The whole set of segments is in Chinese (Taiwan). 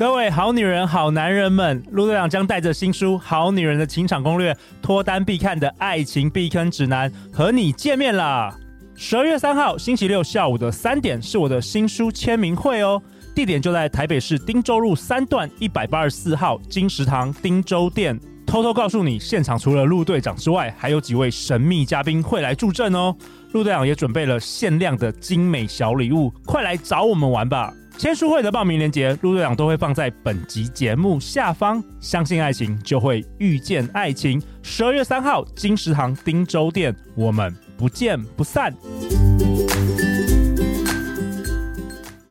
各位好女人、好男人們，陸隊長將帶着新書《好女人的情場攻略》，脫單必看的愛情避坑指南，和你見面啦！十二月三號星期六下午的三點是我的新書簽名會哦，地點就在台北市汀州路三段一百八十四號金石堂汀州店。偷偷告訴你，現場除了陸隊長之外，還有幾位神秘嘉賓會來助陣哦。陸隊長也準備了限量的精美小禮物，快來找我們玩吧！簽書會的報名鏈接，路隊長都會放在本集節目下方。相信愛情，就會遇見愛情。十二月三號，金石堂汀州店，我們不見不散。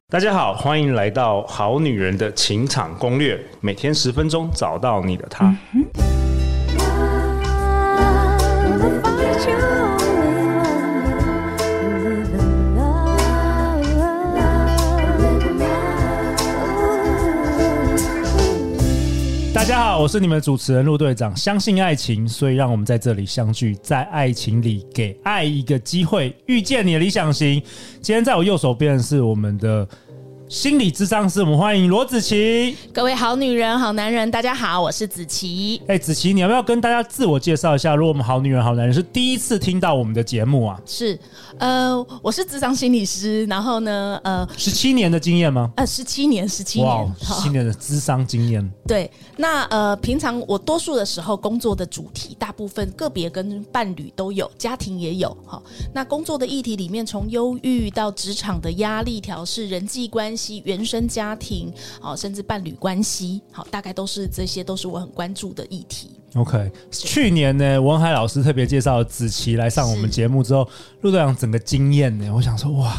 大家好，歡迎來到《好女人的情場攻略》，每天十分鐘，找到你的他。嗯大家好，我是你們的主持人路隊長。相信愛情，所以讓我們在這裡相聚，在愛情裡給愛一個機會，遇見你的理想型。今天在我右手邊的是我們的。心理諮商師，我們歡迎羅子琦。各位好女人、好男人，大家好，我是子琦。哎、欸，子琦，你要不要跟大家自我介紹一下？如果我們好女人、好男人是第一次聽到我們的節目啊，是呃，我是諮商心理師，然後呢，呃，十七年的經驗嗎？呃，十七年，十七年，十七、wow, 年的諮商經驗。哦。對，那呃，平常我多數的時候工作的主題，大部分個別跟伴侶都有，家庭也有。好、哦，那工作的議題裡面，從憂鬱到職場的壓力調適，人際關係。原生家庭啊，甚至伴侶關係，好，大概都是這些，都是我很關注的議題。OK，去年呢，文海老師特別介紹子琦來上我們節目之後，陸隊是長整個驚艷呢。我想說，哇，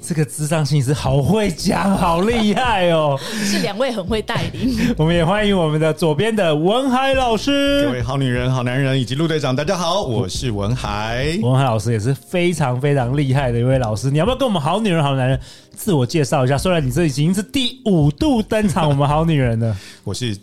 這個諮商性，是好會講，好厲害哦！ 是兩位很會帶領， 我們也歡迎我們的左邊的文海老師。各位好女人、好男人以及陸隊長，大家好，我是文海。文海老師也是非常非常厲害的一位老師，你要不要跟我們好女人好男人自我介紹一下？雖然你這已經是第五度登場，我們好女人了。 我是。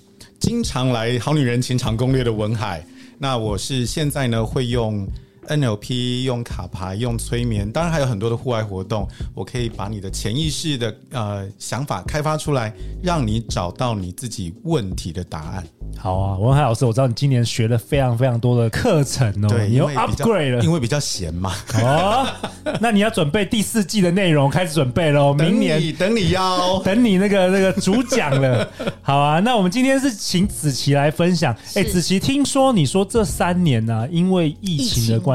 經常來《好女人情場攻略》的文海，那我是現在呢會用。NLP 用卡牌用催眠，當然還有很多的戶外活動。我可以把你的潛意識的呃想法開發出來，讓你找到你自己問題的答案。好啊，文海老師，我知道你今年學了非常非常多的課程哦，對你又 upgrade 了，因，因為比較閒嘛。哦， 那你要準備第四季的內容，開始準備嘍。你明年等你邀，哦， 等你那個那個主講了。好啊，那我們今天是請子琦來分享。哎是，子琦，聽說你說這三年呢，啊，因為疫情的關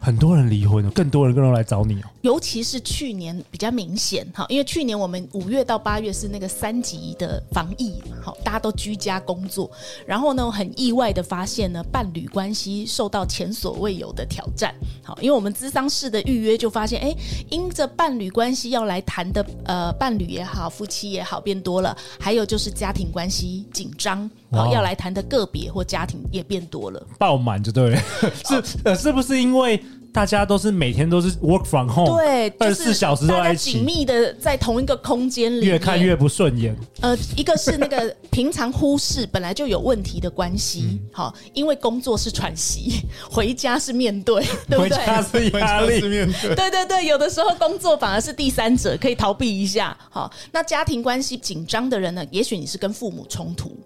很多人離婚，更多人更多來找你哦、啊。尤其是去年比較明顯哈，因為去年我們五月到八月是那個三級的防疫，好，大家都居家工作，然後呢，很意外的發現呢，伴侶關係受到前所未有的挑戰。好，因為我們諮商室的預約就發現，哎、欸，因着伴侶關係要來談的，呃，伴侶也好，夫妻也好，變多了。還有就是家庭關係緊張，好，要來談的個別或家庭也變多了。爆滿就對，是呃，是不是因為？大家都是每天都是 work from home，對，二十四小時在一起，緊密的在同一個空間裡，越看越不順眼。呃，一個是那個平常忽視本來就有問題的關係，好、嗯，因為工作是喘息，回家是面對，對不對？回家是壓力，面對。對對對，有的時候工作反而是第三者，可以逃避一下。好，那家庭關係緊張的人呢？也許你是跟父母衝突，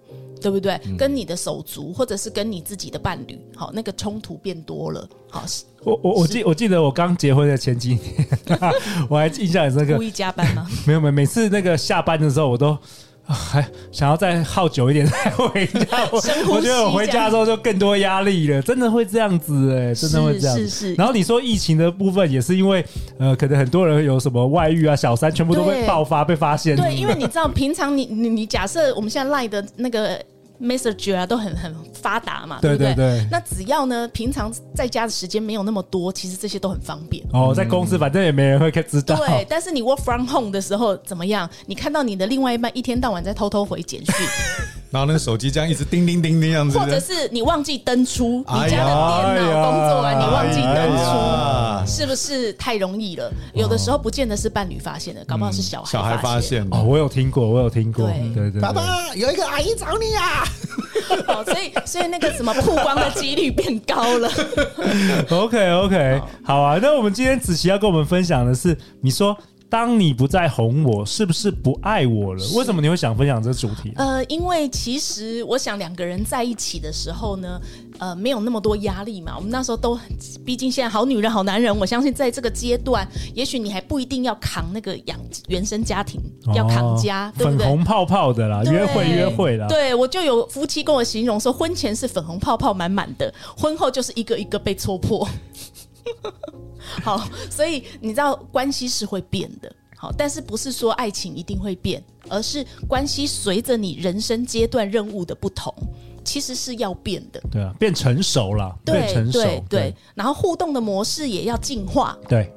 對不對？嗯、跟你的手足，或者是跟你自己的伴侶，好，那個衝突變多了，好。我我我記是我記得我剛結婚的前幾年， 我還印象很深刻。故意加班嗎？沒有沒有，每次那個下班的時候，我都還、啊、想要再耗久一點再回家。我，我覺得我回家的時候就更多壓力了，真的會這樣子誒、欸，是真的會這樣。然後你說疫情的部分也是因為，呃，可能很多人有什麼外遇啊、小三，全部都會爆發對被發現。對，因為你知道， 平常你你你假設我們現在賴的那個。Message 啊，都很很發達嘛，對，對，對，對不對？那只要呢，平常在家的時間沒有那麼多，其實這些都很方便。哦，在公司反正也沒人會知道。嗯、對，但是你 Work from home 的時候怎麼樣？你看到你的另外一半一天到晚在偷偷回簡訊。 然後那個手機，這樣一直叮叮叮的樣子樣，或者是你忘記登出、哎、呀你家的電腦工作啊？哎、呀你忘記登出，哎、呀是不是太容易了？有的時候不見得是伴侶發現的，哦、搞不好是小孩發現，小孩發現的哦。我有聽過，我有聽過，對對爸爸，有一個阿姨找你啊！ 哦、所以所以那個什麼曝光的幾率變高了。 OK OK，、哦、好啊。那我們今天子琦要跟我們分享的是，你說。當你不再哄我，是不是不愛我了？是為什麼你會想分享這主題啊？呃，因為其實我想兩個人在一起的時候呢，呃，沒有那麼多壓力嘛。我們那時候都，畢竟現在好女人好男人，我相信在這個階段，也許你還不一定要扛那個養原生家庭，哦，要扛家，對不對？粉紅泡泡的啦，對約會約會啦。對，我就有夫妻跟我形容說，婚前是粉紅泡泡滿滿的，婚後就是一個一個被戳破。 好，所以你知道關係是會變的，好，但是不是說愛情一定會變，而是關係隨着你人生階段任務的不同，其實是要變的。對啊，變成熟了，對，變成熟，對，對，然後互動的模式也要進化。對。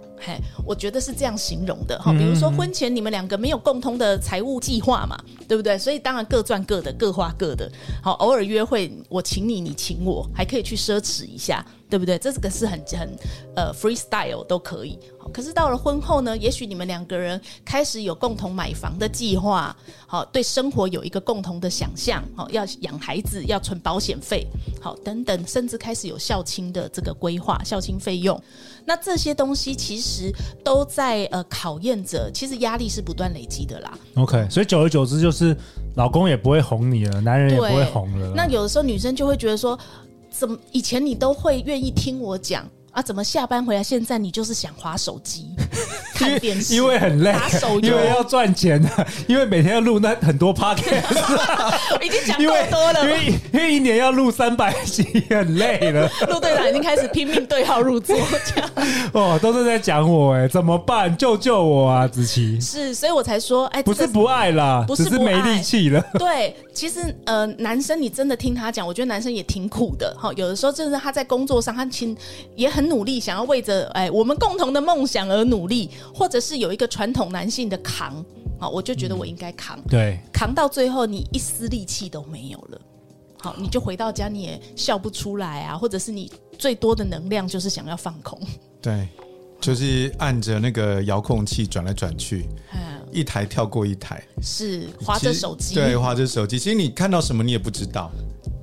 我覺得是這樣形容的哈，比如說婚前你們兩個沒有共同的財務計劃嘛，對不對？所以當然各賺各的，各花各的。好，偶爾約會我請你，你請我，還可以去奢侈一下，對不對？這個是很很呃 freestyle 都可以。可是到了婚後呢，也許你們兩個人開始有共同買房的計劃，好，對生活有一個共同的想象，好，要養孩子，要存保險費，好，等等，甚至開始有孝親的這個規劃，孝親費用。那這些東西其實都在呃考驗着，其實壓力是不斷累積的啦。OK，所以久而久之就是老公也不會哄你了，男人也不會哄了。那有的時候女生就會覺得說，怎麼以前你都會願意聽我講？啊！怎麼下班回來？現在你就是想划手機、看電視因？因為很累，因為要賺錢的，因為每天要錄那很多 Podcast 已經講太多了因。因為因為一年要錄三百集，很累了。路隊長已經開始拼命對號入座，這樣哦，都是在講我哎、欸，怎麼辦？救救我啊！子琦是，所以我才說，哎、欸，不是不愛啦，不是不愛，只是沒力氣了。對，其實呃，男生你真的聽他講，我覺得男生也挺苦的哈。有的時候，就是他在工作上，他親也很。努力想要為着哎、欸、我們共同的夢想而努力，或者是有一個傳統男性的扛啊，我就覺得我應該扛、嗯。對，扛到最後你一絲力氣都沒有了，好，你就回到家你也笑不出來啊，或者是你最多的能量就是想要放空。對，就是按着那個遙控器轉來轉去，嗯、一台跳過一台，是滑着手機，對，滑着手機，其實你看到什麼你也不知道。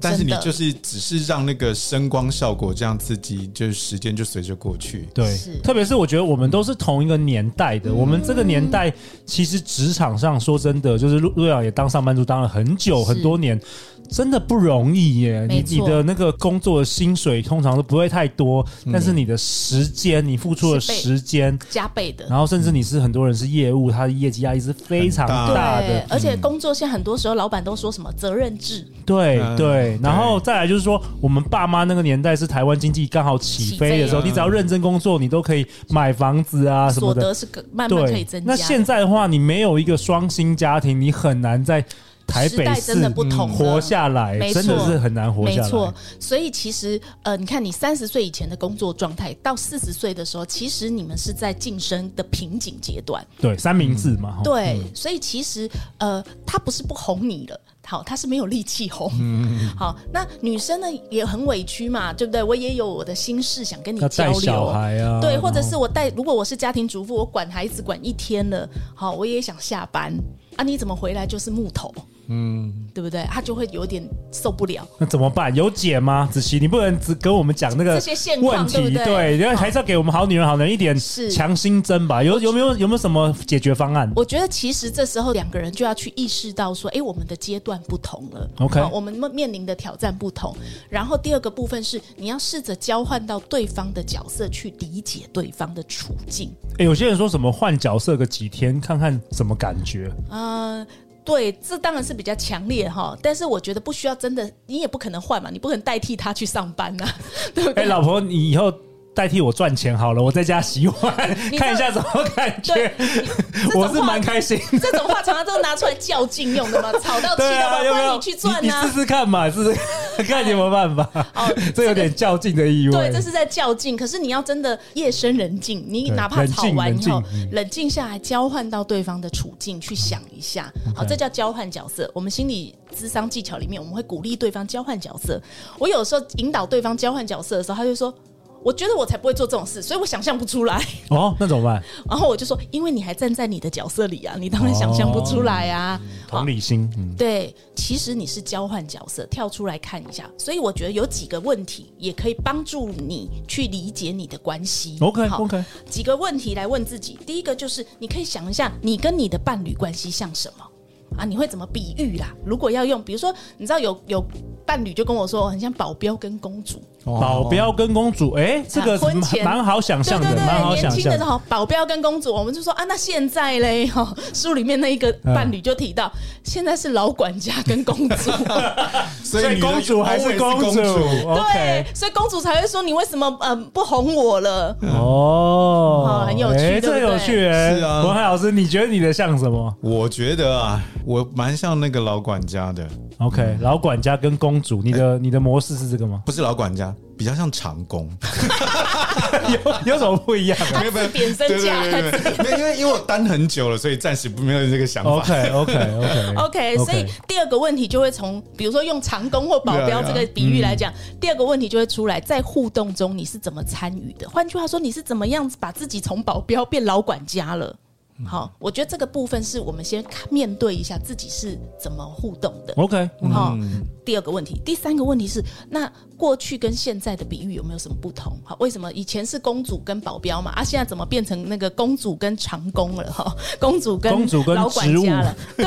但是你就是只是讓那個聲光效果這樣刺激，就是時間就隨着過去。對，特別是我覺得我們都是同一個年代的，我們這個年代其實職場上說真的，就是陸陸陽也當上班族當了很久很多年，真的不容易耶。你你的那個工作的薪水通常都不會太多，但是你的時間你付出的時間加倍的，然後甚至你是很多人是業務，他的業績壓力是非常大的，而且工作現在很多時候老闆都說什麼責任制，對對。然後再來就是說，我們爸媽那個年代是台灣經濟剛好起飛的時候，你只要認真工作，你都可以買房子啊什麼的。所得是慢慢可以增加。那現在的話，你沒有一個雙薪家庭，你很難在。北，時代真的不同的。嗯、活下來，沒錯，真的是很難活下來。沒錯，所以其實呃，你看你三十歲以前的工作狀態，到四十歲的時候，其實你們是在晉升的瓶頸階段。對，三明治嘛。嗯、對，嗯、所以其實呃，他不是不哄你了，好，他是沒有力氣哄。嗯嗯。好，那女生呢也很委屈嘛，對不對？我也有我的心事想跟你交流。帶小孩啊？對，或者是我帶，然後，如果我是家庭主婦，我管孩子管一天了，好，我也想下班。啊，你怎麼回來就是木頭？嗯，對不對？他就會有點受不了。那怎麼辦？有解嗎？子琦，你不能只跟我們講那個問題這些現況對不對？然後對好還是要給我們好女人好男人一點強心針吧。是有有沒有有沒有什麼解決方案？我覺得其實這時候兩個人就要去意識到說，哎，我們的階段不同了。OK，我們面臨的挑戰不同。然後第二個部分是，你要試着交換到對方的角色去理解對方的處境。哎，有些人說什麼換角色個幾天看看什麼感覺？嗯、呃。對，這當然是比較強烈哈，哦，但是我覺得不需要真的，你也不可能換嘛，你不可能代替他去上班呐，啊，對不對？哎，欸、老婆，你以後。代替我賺錢好了，我在家洗碗，這個、看一下怎麼感覺。我是蠻開心。這種話常常都拿出來較勁用的嘛， 啊、吵到氣都爆幫你去賺，啊，試試看嘛，試試看，看你有什麼辦法、哎。哦，這、個，這有點較勁的意味。對，這是在較勁。可是你要真的夜深人靜，你哪怕吵完以後冷靜好、嗯、下來，交換到對方的處境去想一下，好，Okay. 這叫交換角色。我們心理諮商技巧裡面，我們會鼓勵對方交換角色。我有時候引導對方交換角色的時候，他就說。我覺得我才不會做這種事，所以我想象不出來。哦，那怎麼辦？然後我就說，因為你還站在你的角色裡啊，你當然想象不出來啊。哦嗯、同理心。好嗯、對，其實你是交換角色，跳出來看一下。所以我覺得有幾個問題也可以幫助你去理解你的關係。OK 好 OK。幾個問題來問自己，第一個就是你可以想一下，你跟你的伴侶關係像什麼啊？你會怎麼比喻啦？如果要用，比如說，你知道有有伴侶就跟我說很像保鏢跟公主。保鏢跟公主，哎，這個蠻好想象的，蠻好想象的保鏢跟公主，我們就說啊，那現在嘞哈，書裡面那一個伴侶就提到，現在是老管家跟公主，所以公主還是公主，對，所以公主才會說你為什麼呃不哄我了？哦，很有趣，這有趣，哎啊。文海老師，你覺得你的像什麼？我覺得啊，我蠻像那個老管家的。OK，老管家跟公主，你的你的模式是這個嗎？不是老管家。比較像長工， 有有什麼不一樣？啊？沒有，貶身價？對，因為因為我單很久了，所以暫時不沒有這個想法。OK OK OK OK，, okay, okay. 所以第二個問題就會從，比如說用長工或保鏢這個比喻來講，啊嗯、第二個問題就會出來，在互動中你是怎麼參與的？換句話說，你是怎麼樣把自己從保鏢變老管家了？好，我覺得這個部分是我們先面對一下自己是怎麼互動的。OK，好，第二個問題，嗯、第三個問題是那。過去跟現在的比喻，有沒有什麼不同？好，為什麼以前是公主跟保鏢嘛，啊，現在怎麼變成那個公主跟長工了哈？公主跟老管家了，公主跟，對，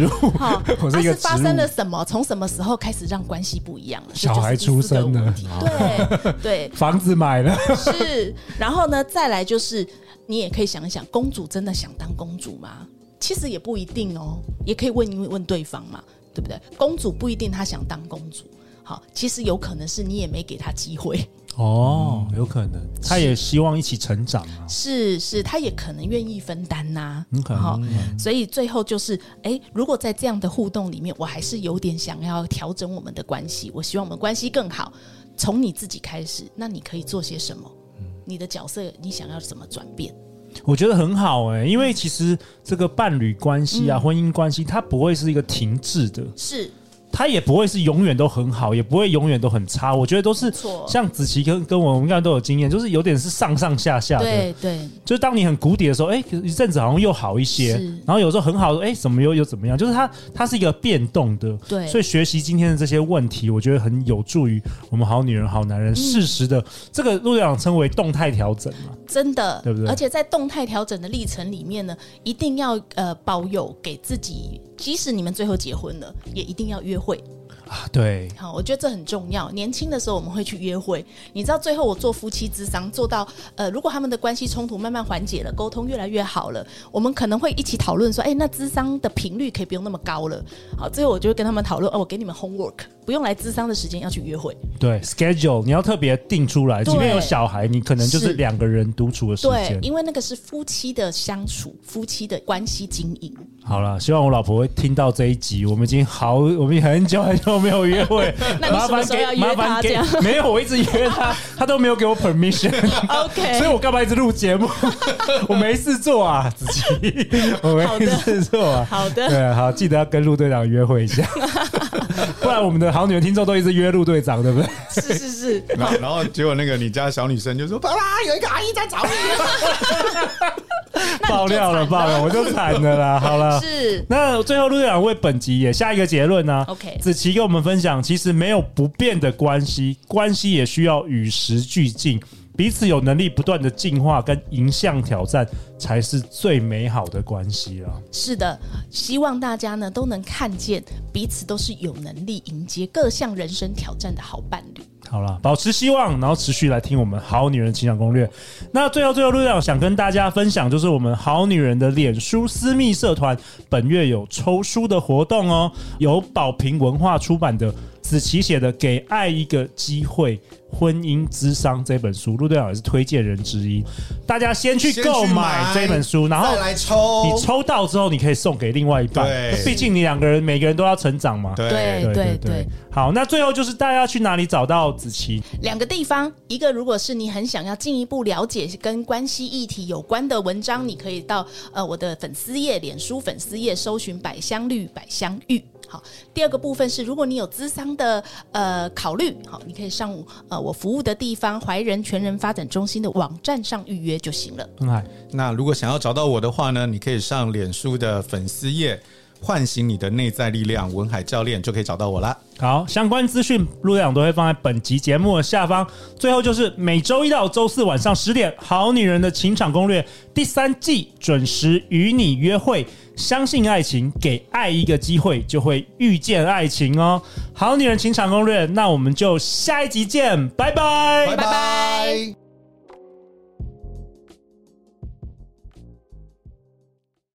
跟好，這是，啊，是發生了什麼？從什麼時候開始讓關係不一樣了？就就小孩出生的對對，對，房子買了是，然後呢，再來就是你也可以想一想，公主真的想當公主嗎？其實也不一定哦，也可以問一問對方嘛，對不對？公主不一定她想當公主。好，其實有可能是你也沒給他機會哦，有可能他也希望一起成長、啊、是是，是，他也可能願意分擔吶、啊，很可能，所以最後就是，哎、欸，如果在這樣的互動裡面，我還是有點想要調整我們的關係，我希望我們關係更好，從你自己開始，那你可以做些什麼？嗯、你的角色，你想要怎麼轉變？我覺得很好哎、欸，因為其實這個伴侶關係啊，嗯、婚姻關係，它不會是一個停滯的，是。它也不會是永遠都很好，也不會永遠都很差。我覺得都是像子琦跟跟我們一樣都有經驗，就是有點是上上下下的，對對。對，就是當你很谷底的時候，哎、欸，一陣子好像又好一些，是然後有時候很好，哎、欸，怎麼又又怎麼樣？就是它它是一個變動的，對。所以學習今天的這些問題，我覺得很有助於我們好女人好男人適時、嗯、的這個路隊長稱為動態調整嘛，真的對不對？而且在動態調整的歷程裡面呢，一定要呃保有給自己，即使你們最後結婚了，也一定要約會。會啊，對，好，我覺得這很重要。年輕的時候我們會去約會，你知道，最後我做夫妻諮商做到，呃，如果他們的關係衝突慢慢緩解了，溝通越來越好了，我們可能會一起討論說，哎，那諮商的頻率可以不用那麼高了。好，最後我就跟他們討論，哦、呃，我給你們 homework，不用來諮商的時間要去約會，對 schedule，你要特別定出來。裡面對有小孩，你可能就是兩個人獨處的時間對，因為那個是夫妻的相處，夫妻的關係經營。好了，希望我老婆會聽到這一集。我們已經好，我們很久很久沒有約會，麻煩給麻煩給，給，沒有，我一直約她，她都沒有給我 permission，OK，Okay 所以我幹嘛一直錄節目 我、啊？我沒事做啊，子琦，我沒事做啊，好的，對，好，記得要跟路隊長約會一下。 不然，我們的好女人聽眾都一直約路隊長，對不對？是是是。 然後，然後結果那個你家小女生就說：“爸爸，有一個阿姨在找你，啊。” 爆料了，爆了！我就慘了啦。嗎好了啦，是，那最後路隊長為本集也下一個結論呢，啊。OK，子琦給我們分享，其實沒有不變的關係，關係也需要與時俱進。彼此有能力不斷的進化跟迎向挑戰，才是最美好的關係了啊。是的，希望大家呢都能看見彼此都是有能力迎接各項人生挑戰的好伴侶。好了，保持希望，然後持續來聽我們好女人情場攻略。那最後最後，路隊長想跟大家分享，就是我們好女人的臉書私密社團本月有抽書的活動哦，由寶瓶文化出版的子琦寫的《給愛一個機會》。《婚姻諮商》這本書，陸隊長也是推薦人之一。大家先去購買這本書，然後來抽。你抽到之後，你可以送給另外一半。畢對竟你兩個人每個人都要成長嘛。對,對對對。對對好，那最後就是大家要去哪裡找到子琦？兩個地方，一個如果是你很想要進一步了解跟關係議題有關的文章，你可以到呃我的粉絲頁，臉書粉絲頁搜尋“百香綠”“百香遇”。好，第二個部分是，如果你有諮商的呃考慮，好，你可以上。午、呃。我服務的地方，懷仁全人發展中心的網站上預約就行了。嗯，那如果想要找到我的話呢，你可以上臉書的粉絲頁。喚醒你的內在力量，文海教練就可以找到我啦。好，相關資訊路隊長都會放在本集節目的下方。最後就是每周一到周四晚上十點，《好女人的情場攻略》第三季準時與你約會。相信愛情，給愛一個機會，就會遇見愛情哦。《好女人情場攻略》，那我們就下一集見，拜拜，拜拜。